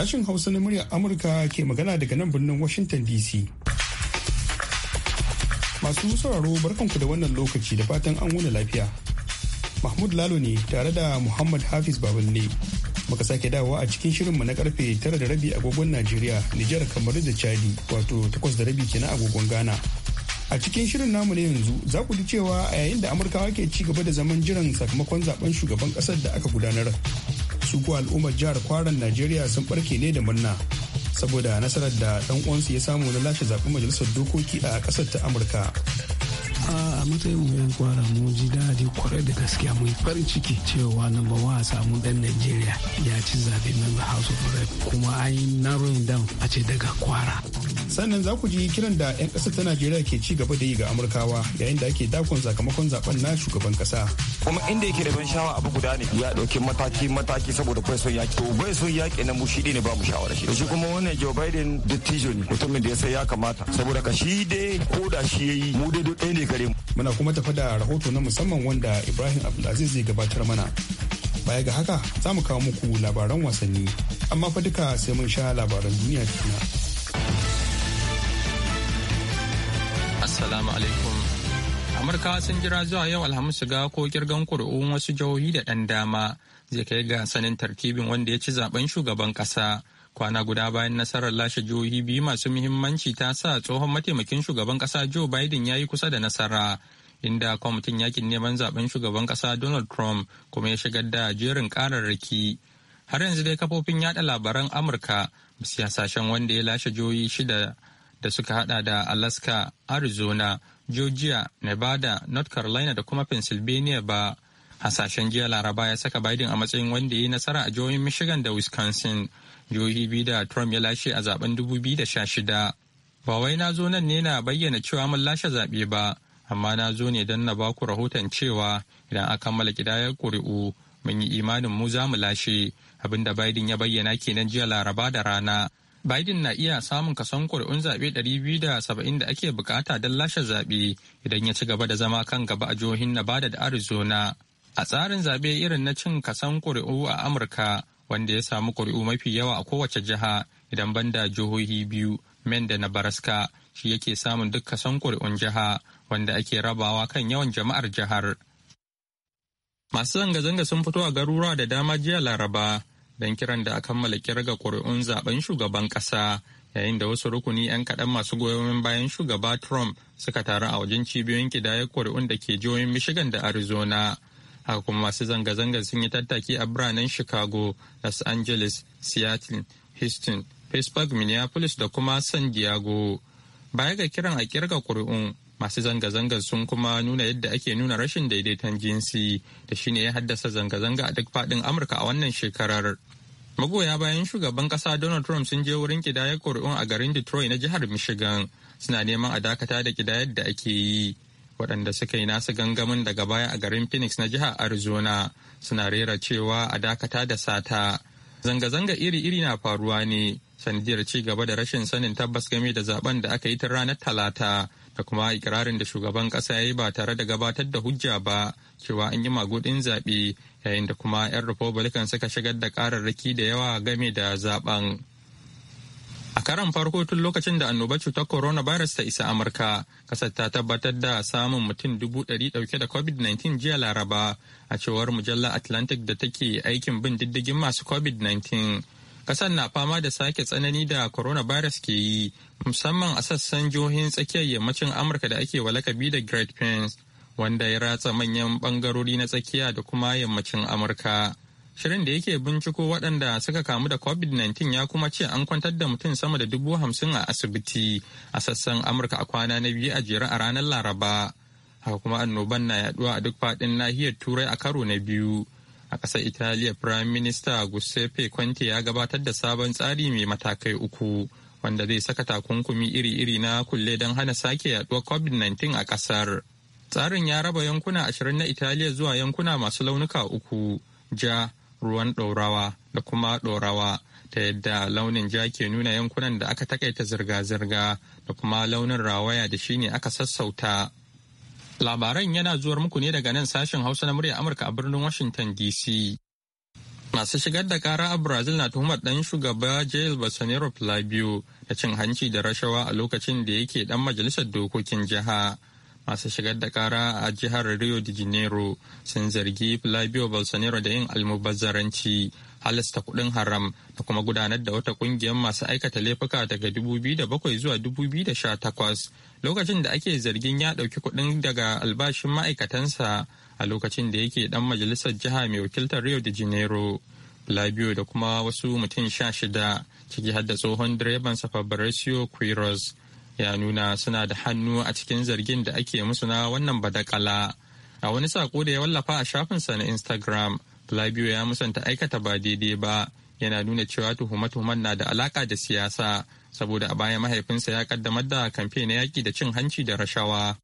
Sashen Hausa na muryar Amurka ke magana daga nan birnin Washington DC. Masu sauraro barkanku da wannan lokaci da fatan an wuni lafiya. Mahmud Lalo ne tare da Muhammad Hafiz Baballe. Muka sake dawowa a cikin shirinmu na karfe tara da rabi agogon Najeriya, Nijar kamar da Chadi, wato takwas da rabi kenan agogon Ghana. A cikin shirin namu ne yanzu za ku ji cewa a yayin da Amurkawa ke ci gaba da zaman jiran sakamakon zaben shugaban ƙasar da aka gudanar. su ko al'ummar jihar kwaran najeriya sun barke ne da murna saboda nasarar da dan uwansu ya samu na lashe zaben majalisar dokoki a kasar ta amurka a matsayin mu yan kwara mu ji daɗi kwarai da gaskiya mu farin ciki cewa na ba wa samu dan Najeriya ya ci zaɓe member House of Rep kuma an yi narrowing down a ce daga kwara sannan za ku ji kiran da 'yan ƙasa ta najeriya ke ci gaba da yi ga amurkawa yayin da ake dakon sakamakon zaben na shugaban kasa. kuma inda yake da ban shawa abu guda ne ya ɗauki mataki mataki saboda bai son yaƙi to bai son yaƙi na mu shi ne ba mu shawara shi shi kuma wannan joe biden dattijo ne mutumin da ya sai ya kamata saboda ka shi dai ko da shi ya yi mu dai duk ne gare mu muna kuma tafa da rahoto na musamman wanda ibrahim abdulaziz zai gabatar mana baya ga haka za mu kawo muku labaran wasanni amma fa duka sai mun sha labaran duniya tukuna. Assalamu alaikum. Amurkawa sun jira zuwa yau Alhamis ga ko kirgan kuri'un wasu jihohi da ɗan dama zai kai ga sanin tarkibin wanda ya ci zaben shugaban ƙasa. Kwana guda bayan nasarar lashe jihohi biyu masu muhimmanci ta sa tsohon mataimakin shugaban ƙasa Joe Biden ya yi kusa da nasara. Inda kwamitin yakin neman zaben shugaban ƙasa Donald Trump kuma ya shigar da jerin ƙararraki. Har yanzu dai kafofin yada labaran Amurka su hasashen wanda ya lashe jihohi shida da suka hada da Alaska, Arizona, Georgia, Nevada, North Carolina da kuma Pennsylvania ba. Hasashen jiya Laraba ya saka Biden a matsayin wanda ya yi nasara a jihohin Michigan da Wisconsin, jihohi biyu da Trump ya lashe a zaben 2016. Ba wai na zo nan ne na bayyana cewa mun lashe zaɓe ba, amma na zo ne don na baku rahoton cewa idan a kammala kidayar ƙuri'u mun yi imanin mu za mu lashe abinda Biden ya bayyana kenan jiya Laraba da rana. Biden na iya samun kason kuri'un zaɓe 270 da ake bukata don lashe zaɓe idan ya ci gaba da zama kan gaba a jihohin Nevada da Arizona. A tsarin zaɓe irin na cin kason kuri'u a Amurka wanda ya samu kuri'u mafi yawa a kowace jiha idan banda jihohi biyu Maine da na baraska shi yake samun duk kason kuri'un jiha wanda ake rabawa kan yawan jama'ar jihar. Masu zanga-zanga sun fito a garuruwa da dama jiya Laraba don kiran da a kammala kirga kuri'un zaben shugaban ƙasa yayin da wasu rukuni 'yan kaɗan masu goyon bayan shugaba trump suka taru a wajen cibiyoyin kidayar kuri'un da ke jihohin michigan da arizona haka kuma masu zanga-zangar sun yi tattaki a biranen chicago los angeles seattle houston pittsburgh minneapolis da kuma san diego baya ga kiran a kirga kuri'un masu zanga-zangar sun kuma nuna yadda ake nuna rashin daidaiton jinsi da shine ya haddasa zanga-zanga a duk faɗin amurka a wannan shekarar Magoya bayan shugaban kasa Donald Trump sun je wurin kidayar ƙuri'un a garin Detroit na jihar Michigan suna neman a dakata da kidayar da ake yi. Waɗanda suka yi nasu gangamin daga baya a garin Phoenix na jihar Arizona suna rera cewa a dakata da sata. Zanga-zanga iri-iri na faruwa ne sanadiyar ci gaba da rashin sanin tabbas game da zaben da aka yi ta ranar Talata. da kuma ikirarin da shugaban kasa ya yi ba tare da gabatar da hujja ba cewa an yi magudin zaɓe yayin da kuma 'yan republican suka shigar da kararraki da yawa game da zaben a karan farko tun lokacin da annoba cutar coronavirus ta isa amurka kasar ta tabbatar da samun mutum dubu ɗari ɗauke da covid-19 jiya laraba a cewar mujallar atlantic da take aikin bin diddigin masu covid-19 kasar na fama da sake tsanani da coronavirus ke yi musamman a sassan jihohin tsakiyar yammacin amurka da ake walakabi da great prince wanda ya ratsa manyan bangarori na tsakiya da kuma yammacin amurka shirin da yake binciko waɗanda suka kamu da covid-19 ya kuma ce an kwantar da mutum sama da dubu hamsin a asibiti a sassan amurka a kwana na biyu a jere a ranar laraba haka kuma annoban na yaduwa a duk faɗin nahiyar turai a karo na biyu a ƙasar italiya prime minister giuseppe conte ya gabatar da sabon tsari mai matakai uku wanda zai saka takunkumi iri-iri na kulle don hana sake yaduwar covid-19 a ƙasar Tsarin ya raba yankuna ashirin na Italiya zuwa yankuna masu launuka uku, ja, ruwan ɗorawa da kuma ɗorawa, ta yadda launin ja ke nuna yankunan da aka takaita zirga-zirga da kuma launin rawaya da shine aka sassauta. Labaran yana zuwar muku ne daga nan sashen Hausa na murya Amurka a birnin Washington DC. Masu shigar da kara a Brazil na tuhumar ɗan shugaba Jair Bolsonaro Flavio da cin hanci da rashawa a lokacin da yake ɗan majalisar dokokin jiha. masu shigar da kara a jihar rio de janeiro sun zargi flavio bolsonaro da yin almubazzaranci halasta kuɗin haram da kuma gudanar da wata ƙungiyar masu aikata laifuka daga 2007 zuwa 2018 lokacin da ake zargin ya ɗauki kuɗin daga albashin ma'aikatansa a lokacin da yake ɗan majalisar jiha mai wakiltar rio de janeiro flavio da kuma wasu mutum sha shida ciki har da tsohon direban sa fabricio quiroz ya nuna suna da hannu a cikin zargin da ake musu na wannan badakala a wani sako da ya wallafa a shafinsa na instagram Flavio ya musanta aikata ba daidai ba yana nuna cewa tuhume-tuhumen na da alaka da siyasa saboda a baya mahaifinsa ya kaddamar da kamfe na yaƙi da cin hanci da rashawa.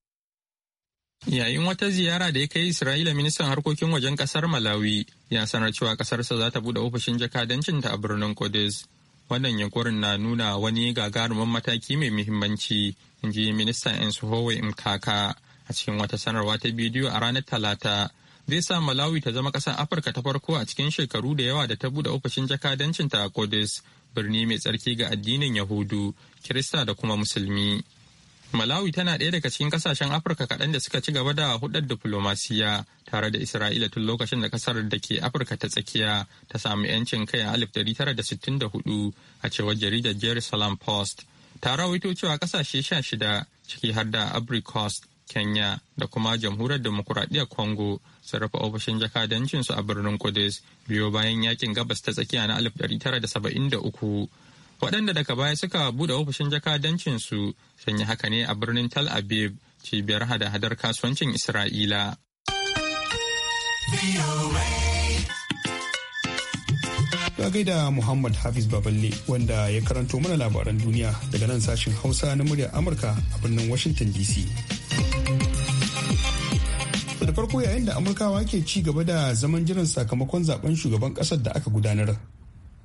Yayin wata ziyara da ya kai Isra'ila ministan harkokin wajen kasar Malawi ya sanar cewa kasarsa za ta buɗe ofishin jakadancinta a birnin Kudus. wannan yankurin na nuna wani gagarumin mataki mai muhimmanci in ji ministan yan suhowe mkaka a cikin wata sanarwa ta bidiyo a ranar talata zai sa malawi ta zama ƙasar afirka ta farko a cikin shekaru da yawa da ta bude ofishin jakadancin a a birni mai tsarki ga addinin yahudu kirista da kuma musulmi Malawi tana ɗaya daga cikin kasashen Afirka kaɗan da suka ci gaba da hudar diflomasiya tare da Isra'ila tun lokacin da kasar da ke Afirka ta tsakiya ta samu 'yancin kai a 1964 a cewar jaridar Jerusalem Post. Ta rawaito cewa kasashe shida ciki har da Abricost, Kenya da kuma Jamhuriyar Demokuraɗiyyar Congo sun rufe ofishin jakadancinsu a birnin Kudus biyo bayan yakin gabas ta tsakiya na 1973. waɗanda daga baya suka buɗe ofishin jakadancinsu sun yi haka ne a birnin Tal Aviv cibiyar hada-hadar kasuwancin Isra'ila. Ga gaida Muhammad Hafiz Baballe wanda ya karanto mana labaran duniya daga nan sashin Hausa na muryar Amurka a birnin Washington DC. da farko yayin da amurkawa ke ci gaba da zaman jiran sakamakon zaben shugaban kasar da aka gudanar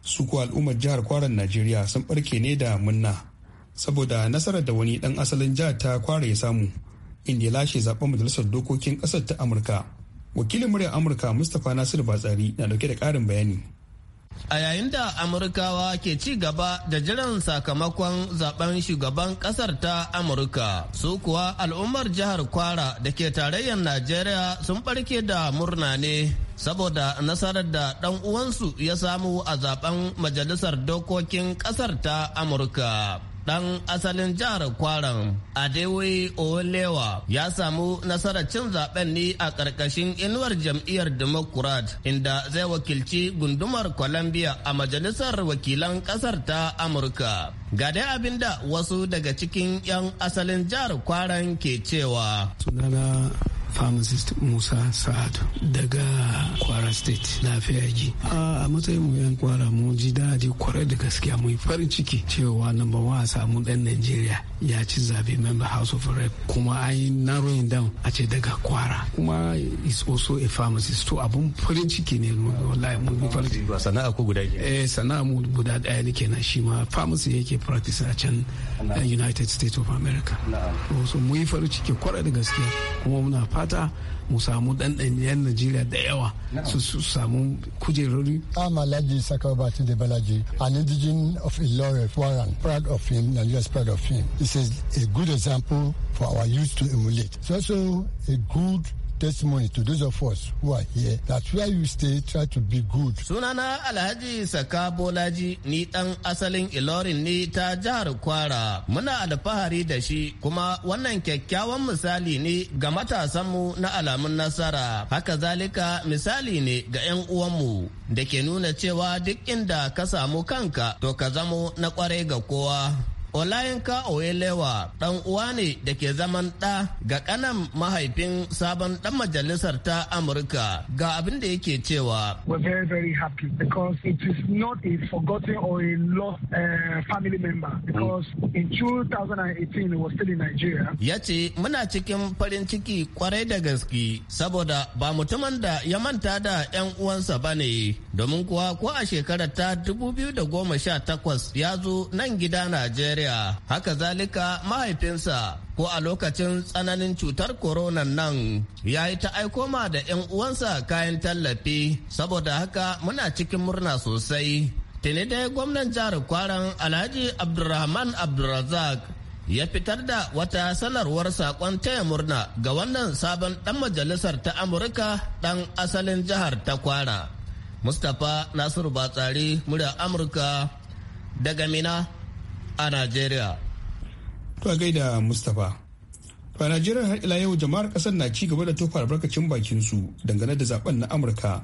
su ko al'ummar jihar kwaran najeriya sun barke ne da munna saboda nasarar da wani dan asalin jihar ta kwara ya samu inda ya lashe zaben majalisar dokokin kasar ta amurka wakilin muryar amurka mustapha nasiru batsari na dauke da karin bayani a yayin da amurkawa ke ci gaba da jiran sakamakon zaben shugaban kasar ta amurka su kuwa al'ummar jihar kwara da ke tarayyar najeriya sun barke da murna ne saboda nasarar da ɗan uwansu ya samu a zaben majalisar dokokin ƙasar ta amurka ɗan asalin jihar kwaran adewe olewa ya samu nasarar cin zaben ne a ƙarƙashin inuwar jam'iyyar democrat inda zai wakilci gundumar columbia a majalisar wakilan ƙasar ta amurka ga dai abin wasu daga cikin 'yan asalin jihar kwaran ke cewa pharmacist musa sa'ad daga kwara state lafiya ji a matsayin mu yan kwara mu ji daji kwarai da gaskiya mu farin ciki cewa number one a samu dan najeriya ya ci zabe member house of rep kuma an yi narrowing down a ce daga kwara kuma is also a pharmacist to abun farin ciki ne wallahi mu farin ciki sana'a ko guda eh sana'a mu guda ɗaya ne kenan shi ma pharmacy yake practice a can eh, United States of America. So mu yi farin ciki kwarai da gaskiya kuma muna fata mu samu najeriya da yawa su samu kujerori i'm alhaji sakabati de balaji an indigen of ilore warren proud of him nigeria's proud of him This is a good example for our youth to emulate it's also a good testimony to those of us who are here that where you stay, try to be good. Sunana Alhaji Saka Bolaji ni dan asalin Ilorin ne ta jihar Kwara. Muna alfahari da shi kuma wannan kyakkyawan misali ne ga matasanmu na alamun nasara. Haka zalika misali ne ga 'yan uwanmu da ke nuna cewa duk inda ka samu kanka to ka zamo na kwarai ga kowa. Olayinka Oyelewa ɗan uwa ne da ke zaman ɗa ga ƙanan mahaifin sabon ɗan majalisar ta Amurka ga abin da yake cewa. We're very very not a forgotten eh, family member in 2018 he was still in Ya ce muna cikin farin ciki kwarai da gaske saboda ba mutumin da ya manta da 'yan uwansa ba ne domin kuwa ko a shekarar ta 2018 ya zo nan gida Najeriya. Najeriya. haka zalika mahaifinsa ko a lokacin tsananin cutar korona nan ya yi ta aiko ma da 'yan uwansa kayan tallafi saboda haka muna cikin murna sosai tuni dai gwamnan jihar kwaran alhaji abdulrahman abdulrazak ya fitar da wata sanarwar sakon taya murna ga wannan sabon ɗan majalisar ta amurka ɗan asalin jihar ta kwara mustapha nasiru batsari murya amurka daga mina a Najeriya. To a gaida Mustapha. To a Najeriya har ila yau jama'ar kasar na ci gaba da tofa albarkacin bakin su dangane da zaben na Amurka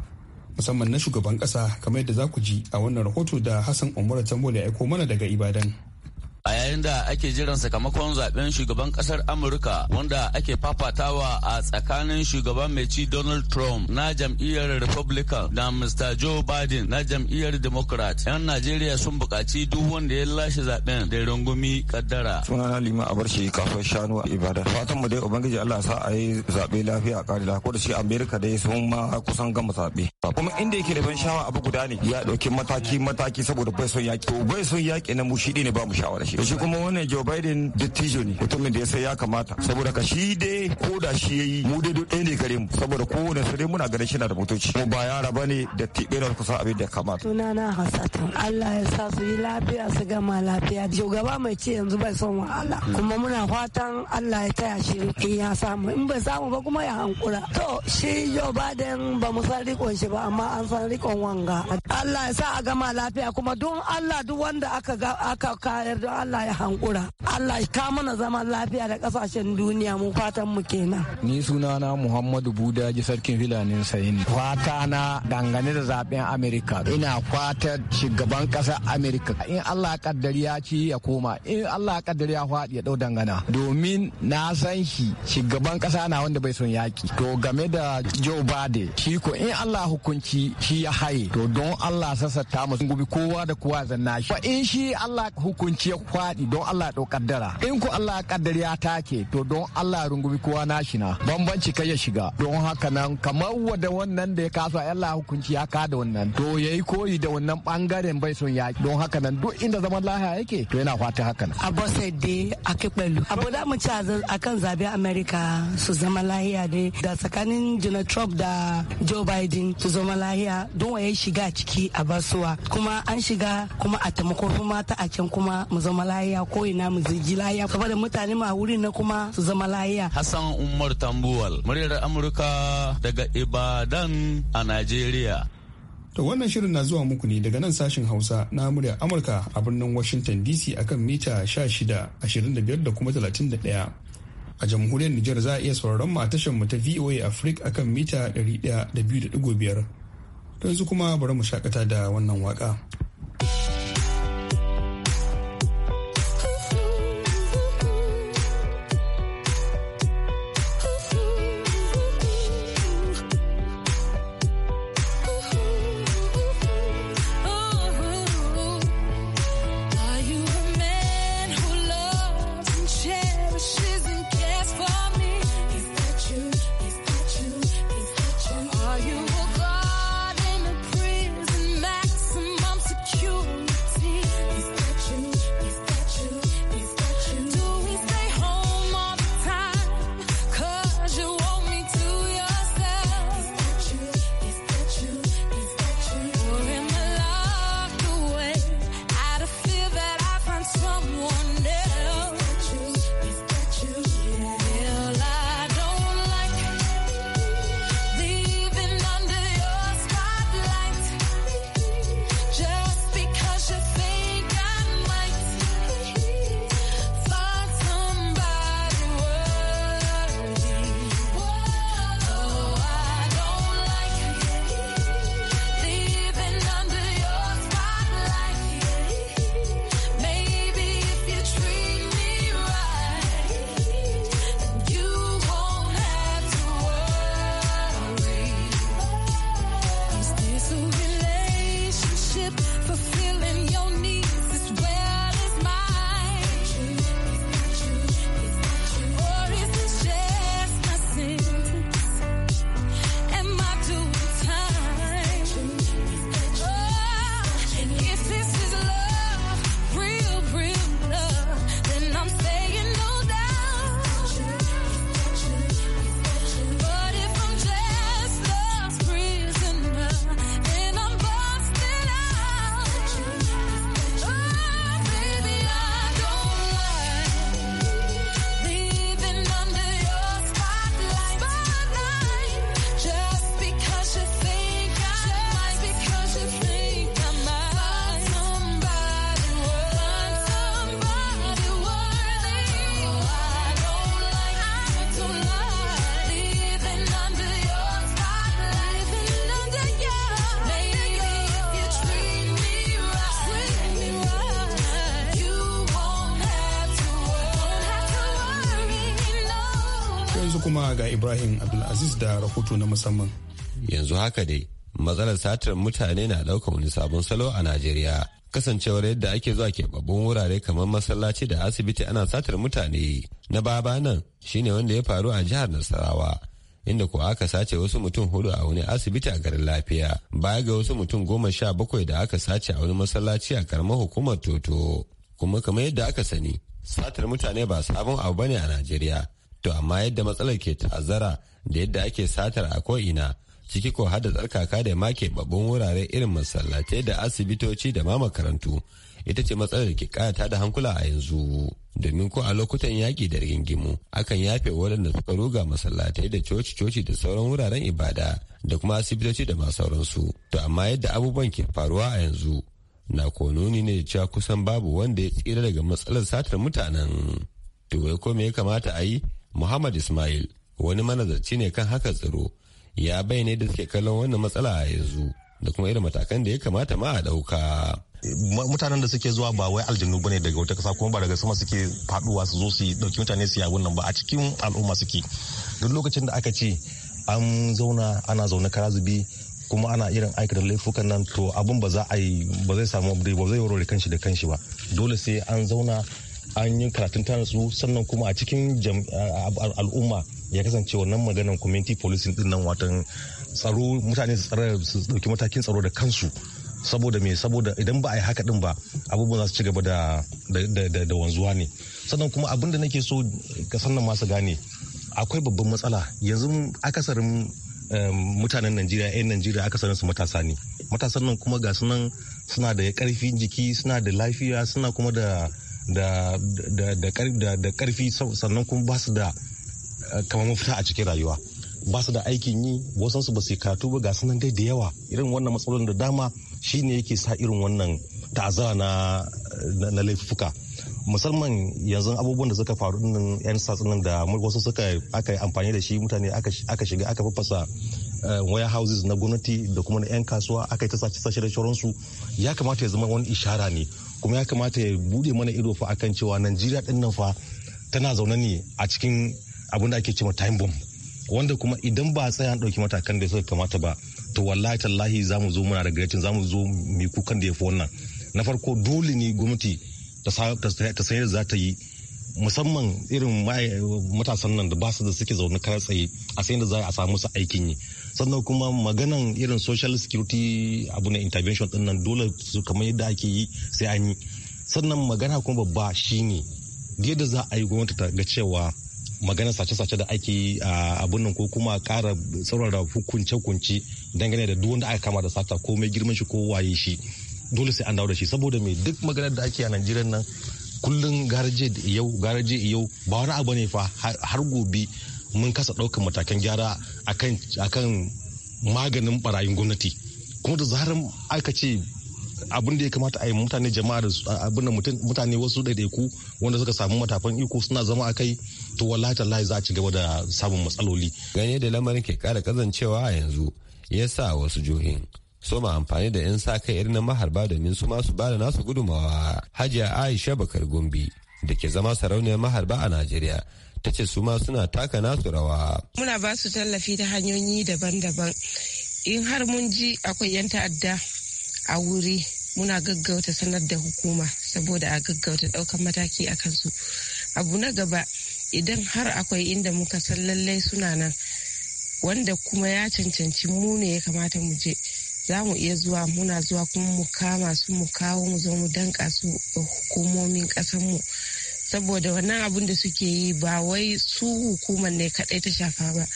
musamman na shugaban kasa kamar yadda za ku ji a wannan rahoto da Hassan Umar Tambole ya aiko mana daga Ibadan. a yayin da ake jiran sakamakon zaben shugaban kasar amurka wanda ake fafatawa a tsakanin shugaban mai ci donald trump na jam'iyyar republican da mr joe biden na jam'iyyar democrat yan najeriya sun buƙaci duk wanda ya lashe zaben da rungumi kaddara sunana lima a abarshi kafin shanu ibada fatan mu dai ubangiji allah sa a yi zaɓe lafiya a da ko da shi amerika dai sun ma kusan gama zaɓe kuma inda yake da ban shawara abu guda ne ya ɗauki mataki mataki saboda bai son yaƙi bai son yaƙi na mu shi ne ba mu shawara shi yake shi kuma wannan Joe Biden dattijo ne mutumin da ya sai ya kamata saboda ka shi dai ko da shi yi mu dai duk ɗaya ne gare mu saboda kowane su dai muna ganin shi na da motoci mu ba yara ne da tibe na kusa abin da ya kamata sunana Hassatan Allah ya sa su yi lafiya su gama lafiya shugaba mai ci yanzu bai son wahala kuma muna fatan Allah ya taya shi in ya samu in bai samu ba kuma ya hankura to shi Joe Biden ba mu san rikon shi ba amma an san rikon wanga Allah ya sa a gama lafiya kuma don Allah duk wanda aka aka kayar don Allah ya hankura Allah ya ka mana zaman lafiya da kasashen duniya mu fatan mu kenan ni sunana Muhammadu Budaji sarkin filanin sayin fata na dangane da zaben Amerika ina fatar shugaban kasa Amerika in Allah kaddari ya ci ya koma in Allah kaddari ya faɗi ya dau dangana domin na san shi shugaban kasa na wanda bai son yaki to game da Joe Biden shi ko in Allah hukunci shi ya haye to don Allah sassa ta musu gubi kowa da kowa zanna shi in shi Allah hukunci ya kwaɗi don Allah ɗau kaddara in ku Allah kaddari ya take to don Allah rungumi kowa nashi na bambanci kai ya shiga don haka nan kamar wada wannan da ya kasa Allah hukunci ya kada wannan to yayi koyi da wannan bangaren bai son yaki don haka nan duk inda zaman lahiya yake to yana fata haka nan abosai de akipelu a da mu ci akan zabe America su zama lahiya de da tsakanin Donald Trump da Joe Biden su zama lahiya don waye shiga ciki a basuwa kuma an shiga kuma a taimako mata a can kuma mu zama zama layya ko ina mu zigi kuma da mutane ma wurin na kuma su zama layya Hassan Umar Tambuwal muryar Amurka daga Ibadan a Najeriya To wannan shirin na zuwa muku ne daga nan sashin Hausa na muryar Amurka a birnin Washington DC akan mita 16, da kuma 31. A jamhuriyar Nijar za a iya sauraron mu a tashar mu ta VOA Africa akan mita 102.5. To yanzu kuma bari mu shakata da wannan waka. da rahoto na musamman. Yanzu haka dai matsalar satar mutane na ɗaukar wani sabon salo a Najeriya. Kasancewar yadda ake zuwa keɓaɓɓun wurare kamar masallaci da asibiti ana satar mutane na baba nan shine wanda ya faru a jihar Nasarawa. inda ko aka sace wasu mutum hudu a wani asibiti a garin lafiya baya ga wasu mutum goma sha bakwai da aka sace a wani masallaci a karamar hukumar toto kuma kamar yadda aka sani satar mutane ba sabon abu bane a najeriya to amma yadda matsalar ke ta'azzara da yadda ake satar a ko'ina ciki ko hada tsarkaka da ma keɓaɓɓun wurare irin masallatai da asibitoci da ma makarantu ita ce matsalar ke kayata da hankula a yanzu domin ko a lokutan yaƙi da rigingimu akan yafe waɗanda suka ruga masallatai da coci-coci da sauran wuraren ibada da kuma asibitoci da ma sauransu to amma yadda abubuwan ke faruwa a yanzu na kononi nuni ne cewa kusan babu wanda ya tsira daga matsalar satar mutanen to wai ko me ya kamata a yi muhammad ismail wani manazarci ne kan haka tsaro ya bayyana da suke kallon wannan matsala a yanzu da kuma irin matakan da ya kamata ma a ɗauka. mutanen da suke zuwa ba wai aljanu bane daga wata kasa kuma ba daga sama suke faduwa su zo su dauki mutane su yabun nan ba a cikin al'umma suke duk lokacin da aka ce an zauna ana zaune karazubi kuma ana irin aikata laifukan nan to abun ba za a yi ba zai samu ba zai warware kanshi da kanshi ba dole sai an zauna an yi karatun ta su sannan kuma a cikin al'umma ya kasance wannan maganan community policing din nan watan tsaro mutane su tsara su dauki matakin tsaro da kansu saboda me saboda idan ba a yi haka din ba abubuwan za su ci gaba da da wanzuwa ne sannan kuma abin da nake so ka sannan masu gane akwai babban matsala yanzu akasarin ehm, mutanen najeriya 'yan najeriya akasarin su matasa ne matasan nan kuma ga sunan suna da karfin jiki suna da lafiya suna kuma da da karfi sannan kuma ba su da eh, kamar mafita a cikin rayuwa ba su da aikin yi wasan su ba su katu ba ga sanan dai da yawa irin wannan matsalolin da dama shine yake sa irin wannan ta'azara na na laifuka musamman yanzu abubuwan da suka faru din yan satsunan da wasu suka aka yi amfani da shi mutane aka shiga aka fafasa eh, waya houses na gwamnati da kuma na yan kasuwa aka yi ta sace da shoransu ya kamata ya zama wani ishara ne kuma ya kamata ya bude mana ido fa akan cewa najeriya din nan fa tana zaune ne a cikin abin da ake cewa time bomb wanda kuma idan ba a tsaya an ɗauki matakan da suka kamata ba to wallahi tallahi za mu zo muna da garecin za mu zo mai kukan da ya fi wannan na farko dole ne gwamnati ta sayar da za ta yi musamman irin matasan nan da ba su da suke zaune kar tsaye a sayar da za a samu su aikin yi sannan kuma maganan irin social security abu na intervention din nan dole su kamar yadda ake yi sai an yi sannan magana kuma babba shine yadda za a yi gwamnati ta ga cewa maganar sace-sace da ake yi a abun nan ko kuma kara tsaurara hukunce-hukunce dangane da duk wanda aka kama da sata ko mai girman shi ko waye shi dole sai an dawo da shi saboda mai duk maganar da ake a Najeriya nan kullum garaje yau garaje yau ba wani abu ne fa har gobe mun kasa ɗaukar matakan gyara akan maganin barayin gwamnati kuma da zarar aka ce abin da ya kamata a yi mutane jama'a da abin da mutane wasu ɗaiɗaiku wanda suka samu matakan iko suna zama a kai to wallahi tallahi za a ci gaba da samun matsaloli ganye da lamarin ke kara kazancewa a yanzu ya sa wasu jihohin soma amfani da 'yan sa kai irin na maharba domin su masu ba da nasu gudumawa hajiya aisha bakar gombe da ke zama sarauniyar maharba a najeriya ta ce su ma suna taka nasu rawa. Muna ba su tallafi ta hanyoyi daban-daban. In har mun ji akwai 'yan ta'adda a wuri muna gaggauta sanar da hukuma saboda a gaggauta ɗaukar mataki a kansu. Abu na gaba idan har akwai inda muka san lallai suna nan wanda kuma ya cancanci mu ne ya kamata mu je. za mu iya zuwa muna zuwa kuma mu kama su mu kawo mu zo mu danka su hukumomin mu saboda wannan abun da suke yi ba wai su hukumar ne kadai ta shafa ba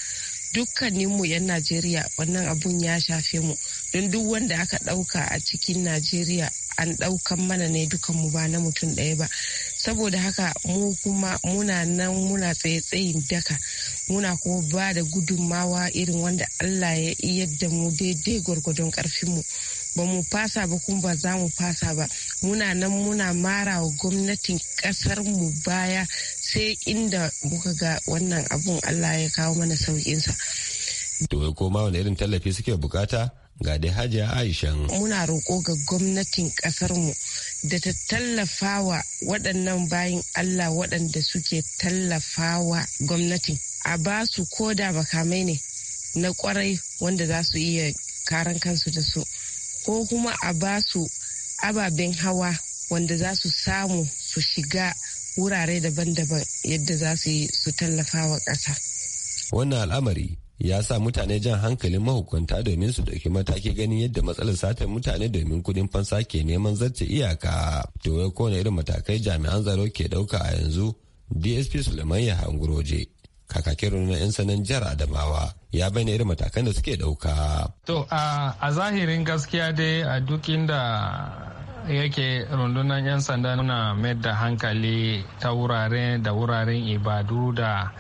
dukkaninmu 'yan najeriya wannan abun ya shafe mu don duk wanda aka ɗauka a cikin najeriya an ɗaukan mana ne dukanmu ba na mutum ɗaya ba saboda haka mu kuma muna nan muna tsaye-tsayin daka muna kuma ba da gudunmawa irin wanda allah ya yadda mu daidai gwargwadon ƙarfinmu ba mu fasa ba kuma ba za mu fasa ba muna nan muna mara wa gwamnatin kasar mu baya sai inda muka ga wannan abun Allah ya kawo mana saukinsa. To ko ma wani irin tallafi suke bukata? ga dai hajiya aishan muna roƙo ga gwamnatin ƙasarmu da ta tallafawa waɗannan bayan allah waɗanda suke tallafawa gwamnatin a ba su koda makamai ne na kwarai wanda za su iya karan kansu da su ko kuma a ba su ababen hawa wanda za su samu su shiga wurare daban-daban yadda za su yi su tallafa wa ƙasa. wannan al'amari ya sa mutane jan hankalin mahukunta domin su ɗauki mataki ganin yadda matsalar satar mutane domin kudin fansa ke neman zarce iyaka to wai kone irin matakai jami'an tsaro ke ɗauka a yanzu dsp suleiman ya hanguroje kakakin rundunar 'yan sanan jihar adamawa ya bayyana irin matakan da suke ɗauka. to a zahirin gaskiya dai a duk inda yake rundunar 'yan sanda na mai da hankali ta wurare da wuraren ibadu da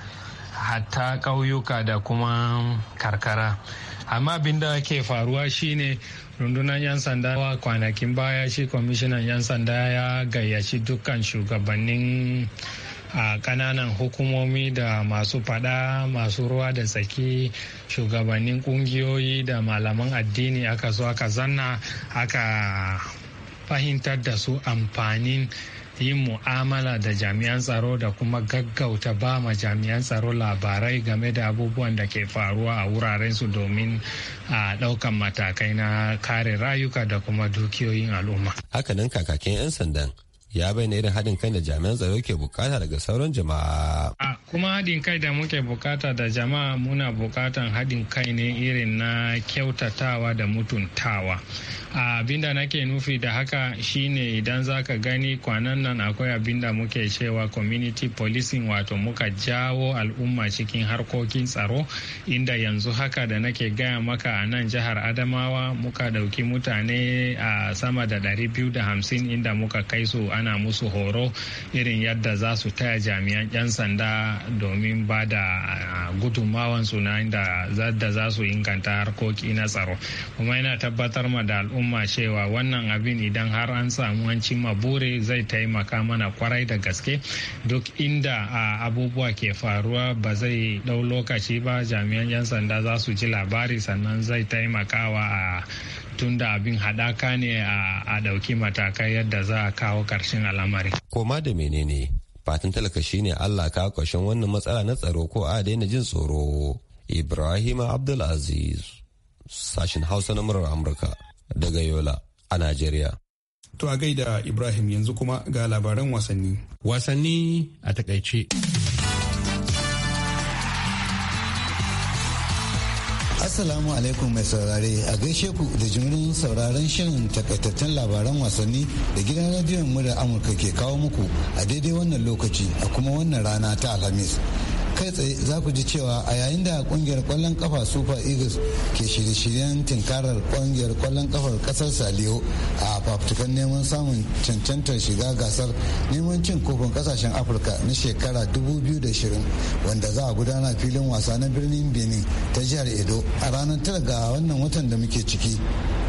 hatta ƙauyuka da kuma karkara amma abin da ke faruwa shine rundunar 'yan sanda kwanakin baya shi kwamishinan 'yan sanda ya gayyaci dukkan shugabannin a kananan hukumomi da masu fada masu ruwa da tsaki shugabannin kungiyoyi da malaman addini aka zo aka zanna aka fahimtar da su amfanin yin mu'amala da jami'an tsaro da kuma gaggauta ba ma jami'an tsaro labarai game da abubuwan da ke faruwa a wuraren su domin a ɗaukan matakai na kare rayuka da kuma dukiyoyin al'umma. Hakanan kakakin 'yan sandan ya bayyana irin haɗin kai da jami'an tsaro ke bukata daga sauran jama'a. A kuma haɗin kai da muke bukata da jama'a muna bukatan haɗin kai ne irin na kyautatawa da mutuntawa. Abinda nake nufi da haka shine idan za ka gani kwanan nan akwai abinda muke cewa community policing wato muka jawo al'umma cikin harkokin tsaro inda yanzu haka da nake gaya maka a nan jihar Adamawa muka ɗauki mutane a sama da 250 inda muka kai su ana musu horo irin yadda za su taya jami'an 'yan sanda domin ba da gudunmawan su na za su inganta harkoki na tsaro kuma yana tabbatar ma da al'umma cewa wannan abin idan har an samu an cimma bure zai taimaka mana kwarai da gaske duk inda abubuwa ke faruwa ba zai dau lokaci ba jami'an 'yan sanda za su ji labari sannan zai taimakawa a tun da abin haɗaka ne a ɗauki matakai yadda za a kawo ƙarshen al'amari. Koma da menene fatan talaka ne Allah ka ƙarshen wannan matsala na tsaro ko a daina jin tsoro. Ibrahim Abdulaziz sashen Hausa na murar Amurka daga Yola a Najeriya. To a gaida Ibrahim yanzu kuma ga labaran wasanni. Wasanni a takaice. Assalamu alaikum mai saurare a gaishe ku da jimirin sauraron shirin takaitattun labaran wasanni da gidan radiyon murar Amurka ke kawo muku a daidai wannan lokaci a kuma wannan rana ta Alhamis. kai tsaye za ku ji cewa a yayin da kungiyar kwallon kafa super eagles ke shirye-shiryen tinkarar kungiyar kwallon kafar kasar saliyo a fafutukan neman samun cancantar shiga gasar neman cin kofin kasashen afirka na shekara 2020 wanda za a gudana filin wasa na birnin benin ta jihar edo a ranar tara ga wannan watan da muke ciki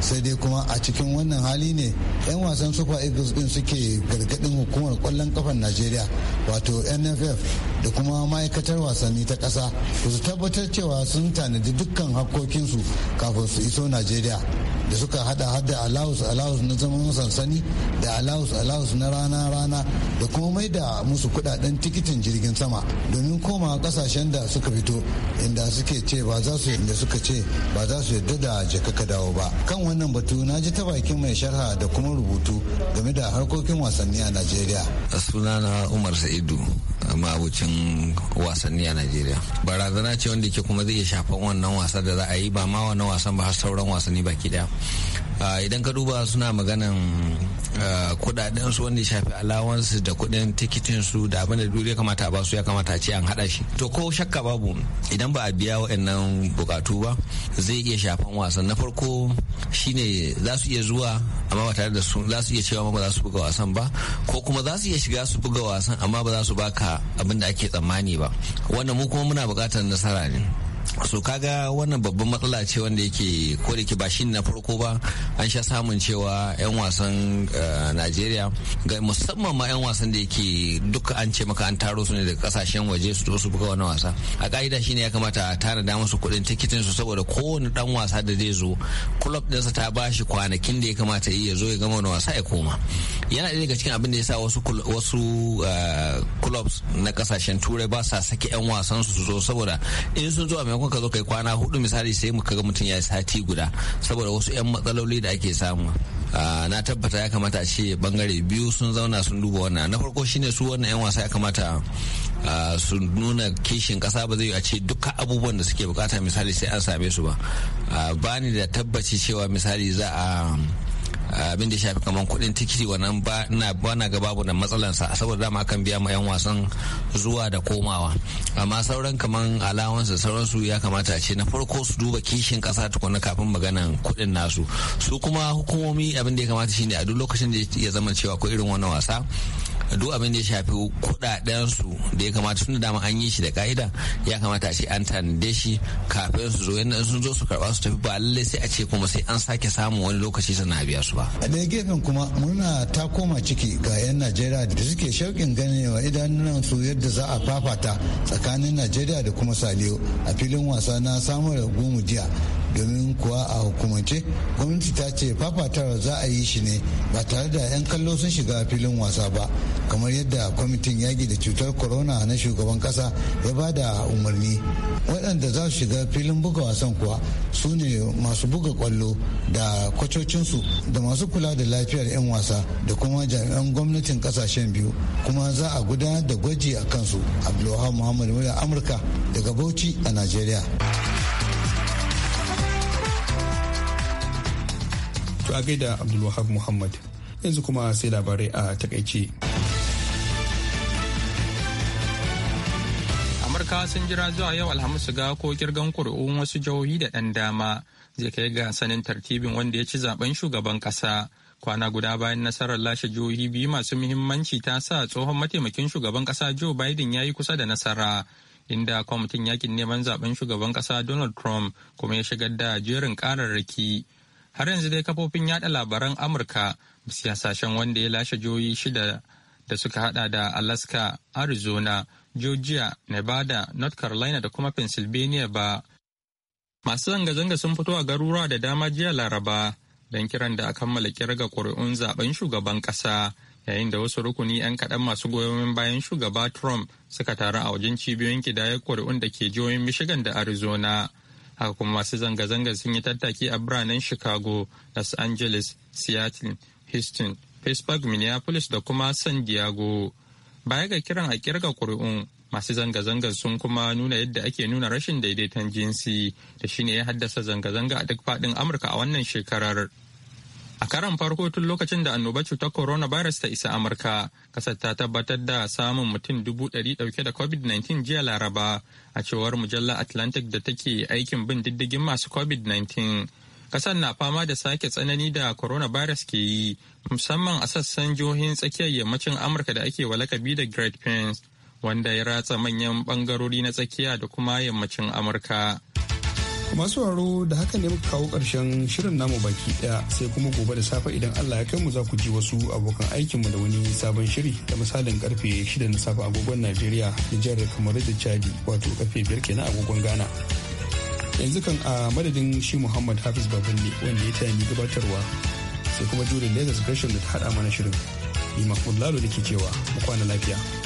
sai dai kuma a cikin wannan hali ne 'yan wasan super eagles din suke gargadin hukumar kwallon kafar najeriya wato nff da kuma ma'aikatar wasanni ta ƙasa da su tabbatar cewa sun tanadi dukkan hakkokinsu kafin su iso najeriya da suka hada hada alawus alawus na zaman sansani da alawus alawus na rana rana da kuma mai da musu kudaden tikitin jirgin sama domin koma kasashen da suka fito inda suke ce ba za su inda suka ce ba za su yadda da jaka ka dawo ba kan wannan batu na ji ta bakin mai sharha da kuma rubutu game da harkokin wasanni a najeriya sunana umar sa'idu ma'abucin wasanni a Najeriya. Barazana ce wanda ke kuma zai shafan wannan wasa da za a yi ba ma wannan wasan ba har sauran wasanni baki daya. idan ka duba suna maganan kudaden su wanda shafi alawansu da kudin tikitin su da abin da duk ya kamata ba su ya kamata ce an hada shi to ko shakka babu idan ba a biya waɗannan bukatu ba zai iya shafan wasan na farko shine za su iya zuwa amma ba tare da su za su iya cewa ba za su buga wasan ba ko kuma za su iya shiga su buga wasan amma ba za su baka abin da ake tsammani ba wannan mu kuma muna bukatar nasara ne so kaga wannan babban matsala ce wanda yake ko da ke ba shi na farko ba an sha samun cewa 'yan wasan eh, najeriya ga musamman ma 'yan wasan da yake duk an ce maka an taro su ne daga kasashen waje su su buga wani wasa a ka'ida ne ya kamata a tanada musu kudin tikitin su saboda kowane dan wasa da zai zo club ɗinsa ta ba shi kwanakin da ya kamata yi ya zo ya gama wani wasa ya koma yana ɗaya daga cikin abin da ya sa wasu wasu eh, clubs na kasashen turai ba sa saki 'yan wasan su zo saboda in sun zo a maimakon ka zo kai kwana hudu misali sai muka ga mutum ya yi sati guda saboda wasu 'yan matsaloli da ake samu na tabbata ya kamata a ce bangare biyu sun zauna sun duba wannan na farko shine su wannan 'yan wasa ya kamata su nuna kishin kasa ba zai a ce duka abubuwan da suke bukata misali sai an same su ba ba bani da tabbaci cewa misali za a abin da shafi kamar kuɗin tikiti wannan ba na bana ga babu da matsalansa saboda dama akan biya ma yan wasan zuwa da komawa amma sauran kamar alawansa sauransu ya kamata a ce na farko su duba kishin ƙasa tukuna kafin maganan kuɗin nasu su kuma hukumomi abin da ya kamata shine a duk lokacin da ya zama cewa ko irin wannan wasa duk abin da ya shafi kudaden su da ya kamata tun da dama an yi shi da ka'ida ya kamata a ce an tanade shi kafin su zo yadda sun zo su karba su tafi ba lallai sai a ce kuma sai an sake samun wani lokaci sana biya su ba a ɗaya gefen kuma murna ta koma ciki ga 'yan najeriya da suke shauƙin ganewa idanunan su yadda za a fafata tsakanin najeriya da kuma saliyo a filin wasa na samun gumu jiya domin kuwa a hukumance gwamnati ta ce fafatawa za a yi shi ne ba tare da 'yan kallo sun shiga filin wasa ba kamar yadda kwamitin yaƙi da cutar corona na shugaban ƙasa ya ba da umarni waɗanda za su shiga filin buga wasan kuwa su ne masu buga kwallo da kwacocinsu da masu kula da lafiyar 'yan wasa da kuma jami'an gwamnatin kasashen biyu kuma za a gudanar da gwaji a kansu abdulwahab muhammadu amurka daga bauchi a najeriya To a gaida Abdulwahab Muhammad. Yanzu kuma sai labarai a takaice. Amurka sun jira zuwa yau Alhamis ga ko kirgan kuri'un wasu jihohi da ɗan dama zai kai ga sanin tartibin wanda ya ci zaben shugaban ƙasa. Kwana guda bayan nasarar lashe jihohi biyu masu muhimmanci ta sa tsohon mataimakin shugaban ƙasa Joe Biden ya yi kusa da nasara. inda kwamitin yakin neman zaben shugaban ƙasa donald trump kuma ya shigar da jerin ƙararraki. har yanzu dai kafofin yada labaran amurka su hasashen wanda ya lashe jihohi shida da suka hada da alaska arizona georgia nevada north carolina da kuma pennsylvania ba masu zanga-zanga sun fito a garuruwa da dama jiya laraba don kiran da a kammala kirga ƙuri'un zaben shugaban ƙasa yayin da wasu rukuni 'yan kaɗan masu goyon bayan shugaba trump suka taru a wajen cibiyoyin kidayar ƙuri'un da ke jihohin michigan da arizona haka kuma masu zanga-zangar sun yi tattaki a biranen chicago los angeles seattle houston pittsburgh minneapolis da kuma san diego baya ga kiran a kirga kuri'un masu zanga-zangar sun kuma nuna yadda ake nuna rashin daidaiton jinsi da shine ya haddasa zanga-zanga a duk faɗin amurka a wannan shekarar A karan farko tun lokacin da annoba cutar coronavirus ta isa Amurka, kasar ta tabbatar da samun mutum dubu ɗari ɗauke da COVID-19 jiya Laraba, a cewar mujallar Atlantic da take aikin bin diddigin masu COVID-19. Kasar na fama da sake tsanani da coronavirus ke yi, musamman a sassan jihohin tsakiyar yammacin Amurka da ake walakabi da Great Plains, wanda ya ratsa manyan bangarori na tsakiya da kuma yammacin Amurka. masu waro, da haka ne muka kawo ƙarshen shirin namu baki ɗaya sai kuma gobe da safe idan Allah ya kai mu za ku ji wasu abokan aikinmu da wani sabon shiri da misalin karfe shida na safe agogon Najeriya da jihar kamar da Chadi wato karfe 5 kenan agogon Ghana. Yanzu kan a madadin shi Muhammad Hafiz Babanne, wanda ya taya ni gabatarwa sai kuma jure Lagos gashin da ta haɗa mana shirin. Ni Mahmud Lalo da ke cewa mu kwana lafiya.